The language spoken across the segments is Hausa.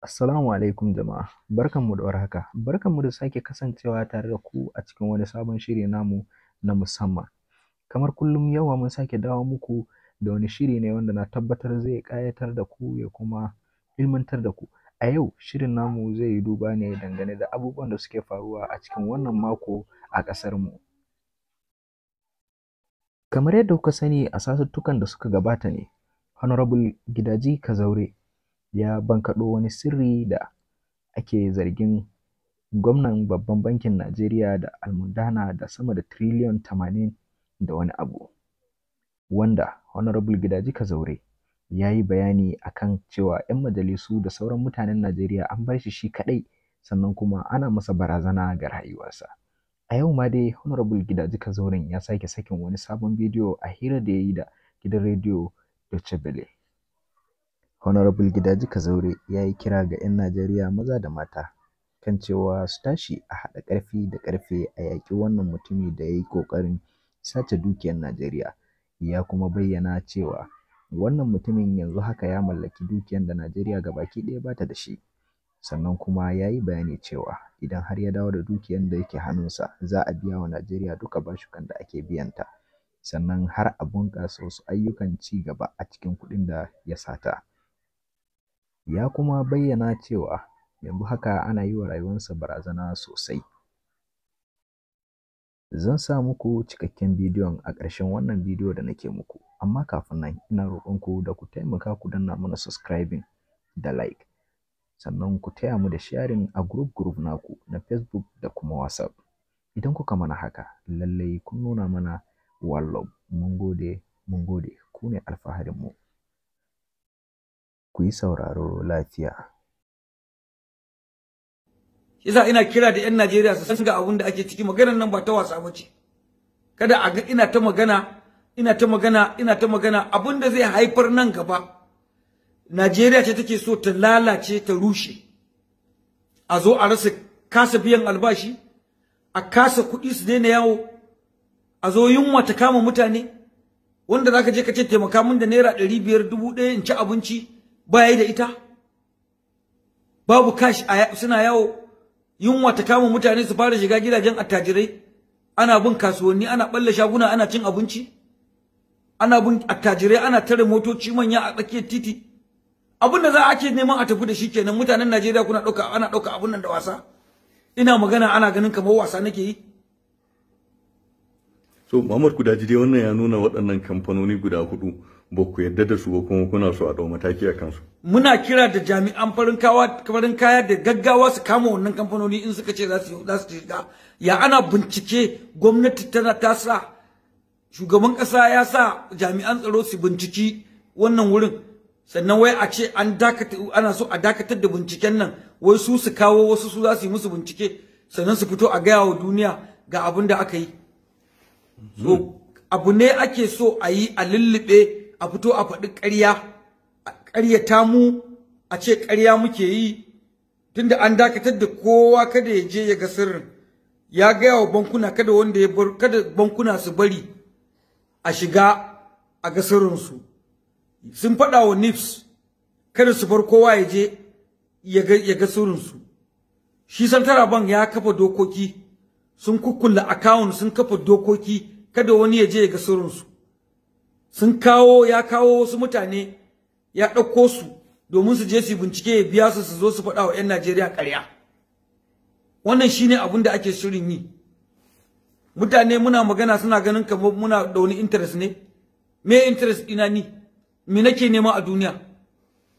Assalamu alaikum jama'a, barkan barkanmu da warhaka, mu da sake kasancewa tare da ku a cikin wani sabon shiri namu na musamman. Kamar kullum yawa mun sake dawo muku da wani shiri ne wanda na tabbatar zai ƙayatar da ku ya kuma ilmantar da ku. A yau shirin namu zai yi duba ne dangane da abubuwan da suke faruwa a cikin wannan mako a ƙasar mu. Kamar yadda kuka sani a satuttukan da suka gabata ne, Honorable Gidaji Kazaure ya bankaɗo wani sirri da ake zargin gwamnan babban bankin Najeriya da almundana da sama da tiriliyon tamanin da wani abu. Wanda Honorable Gidaji Kazaure ya yi bayani a kan cewa 'yan majalisu da sauran mutanen Najeriya an bar shi shi kaɗai sannan kuma ana masa barazana ga rayuwarsa. A yau ma dai Honorable Gidaji Kazaure ya sake sakin wani sabon bidiyo a hira da ya yi da gidan rediyo Deutsche Welle. Honorable Gidaji Kazaure ya yi kira ga 'yan Najeriya maza da mata kan cewa su tashi a haɗa ƙarfi da ƙarfe a yaƙi wannan mutumin da ya yi ƙoƙarin sace dukiyar Najeriya, ya kuma bayyana cewa wannan mutumin yanzu haka ya mallaki dukiyar da Najeriya gabaki ɗaya ba ta da shi, sannan kuma ya yi bayani cewa idan har ya dawo da dukiyar da yake hannunsa za a biya wa Najeriya duka bashukan da ake biyanta, sannan har a bunƙasa wasu ayyukan ci gaba a cikin kuɗin da ya sata. ya kuma bayyana cewa yanzu haka ana yi wa rayuwarsa barazana sosai. Zan sa muku cikakken bidiyon a ƙarshen wannan bidiyo da nake muku, amma kafin nan ina roƙonku da ku taimaka ku danna mana subscribing da like, sannan ku taya mu da sharing a group group naku na Facebook da kuma WhatsApp. Idan kuka mana haka, lallai kun nuna mana wallop. Mun gode, mun gode, ku ne alfaharinmu. ku yi sauraro lafiya. Yasa ina kira da 'yan Najeriya su san ga abin da ake ciki maganar nan ba ta wasa ba ce. Kada a ga ina ta magana, ina ta magana, ina ta magana abin da zai haifar nan gaba. Najeriya ce take so ta lalace ta rushe. A zo a rasa kasa biyan albashi, a kasa kuɗi su daina yawo, a zo yunwa ta kama mutane, wanda za ka je ka ce taimaka min da naira ɗari biyar dubu ɗaya in ci abinci, ba yi da ita babu cash suna yawo yunwa ta kama mutane su fara shiga gidajen attajirai ana bin kasuwanni ana balle shaguna ana cin abinci ana bin attajirai ana tare motoci manya a tsakiyar titi abin da za a ke neman a tafi da shi kenan mutanen Najeriya kuna dauka ana dauka abun nan da wasa ina magana ana ganin kamar wasa nake yi so Muhammad Kudaji dai wannan ya nuna waɗannan kamfanoni guda hudu ba yadda da su ba kuma kuna so a dau mataki a kansu. Muna kira da jami'an farin farin kaya da gaggawa su kama wannan kamfanoni in suka ce za su shiga. Ya ana bincike gwamnati tana ta sa shugaban kasa ya sa jami'an tsaro su binciki wannan wurin. Sannan wai a ce an dakata ana so a dakatar da binciken nan wai su su kawo wasu su za su yi musu bincike sannan su fito a gaya wa duniya ga abin da aka yi. So hmm. abu ne ake so a yi a lullube a fito a faɗi ƙarya ta mu a ce ƙarya muke yi tunda an dakatar da kowa kada ya je ya ga sirrin ya gaya wa bankuna kada wanda ya bar kada bankuna su bari a shiga a ga sirrinsu sun faɗa wa NIPS kada su bar kowa ya je ya ga sirrinsu shi santara bank ya kafa dokoki sun kukkula account sun kafa dokoki kada wani ya je ya ga sirrinsu sun kawo ya kawo wasu mutane ya ɗauko su domin su je su bincike ya biya su su zo su faɗa wa 'yan Najeriya ƙarya wannan shine abin da ake shirin yi mutane muna magana suna ganin kamar muna da wani interest ne me interest ina ni me nake nema a duniya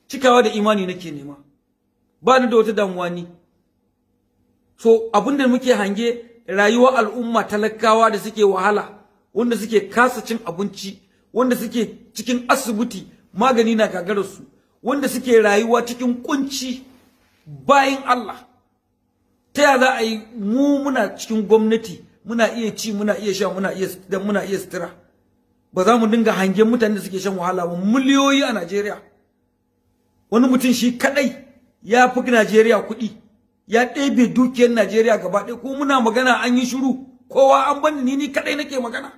cikawa da imani nake nema ba ni da wata damuwa ni so abin da muke hange rayuwar al'umma talakawa da suke wahala wanda suke kasa cin abinci wanda suke cikin asibiti magani na kagararsu wanda suke rayuwa cikin kunci bayan Allah ta ya za a yi mu muna cikin gwamnati muna iya ci muna iya sha muna iya dan muna iya sutura ba za mu dinga hangen mutane da suke shan wahala ba miliyoyi a Najeriya wani mutum shi kadai ya fi Najeriya kuɗi ya ɗebe dukiyar Najeriya gaba ɗaya ko muna magana an yi shiru kowa an bani ni ni kadai nake magana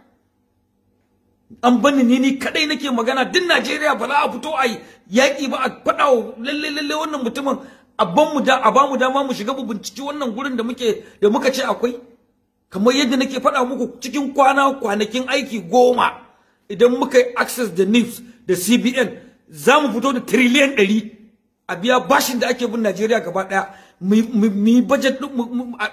an bani ne ni kadai nake magana duk Najeriya ba za a fito a yaki ba a fada lalle lalle wannan mutumin abban mu da dama mu shiga mu binciki wannan gurin da muke da muka ce akwai kamar yadda nake faɗa muku cikin kwana kwanakin aiki goma idan muka yi access da NIPS da CBN za mu fito da trillion ɗari a biya bashin da ake bin Najeriya gaba ɗaya mu budget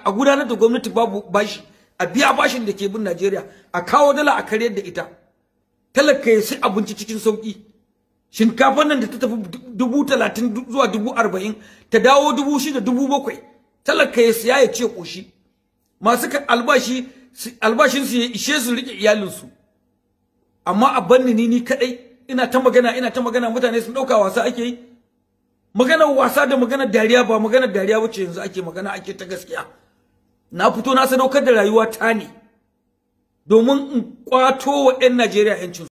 a gudanar da gwamnati babu bashi a biya bashin da ke bin Najeriya a kawo dala a karyar da ita talaka ya sai abinci cikin sauki shinkafar nan da ta tafi dubu talatin zuwa dubu arba'in ta dawo dubu shida dubu bakwai talaka ya siya ya ce ƙoshi masu albashi albashinsu ya ishe su riƙe iyalinsu amma a banni ni ni kaɗai ina ta magana ina ta magana mutane sun ɗauka wasa ake yi magana wasa da magana dariya ba magana dariya wuce yanzu ake magana ake ta gaskiya na fito na sadaukar da rayuwa ta ne domin in kwato wa 'yan Najeriya 'yancinsu.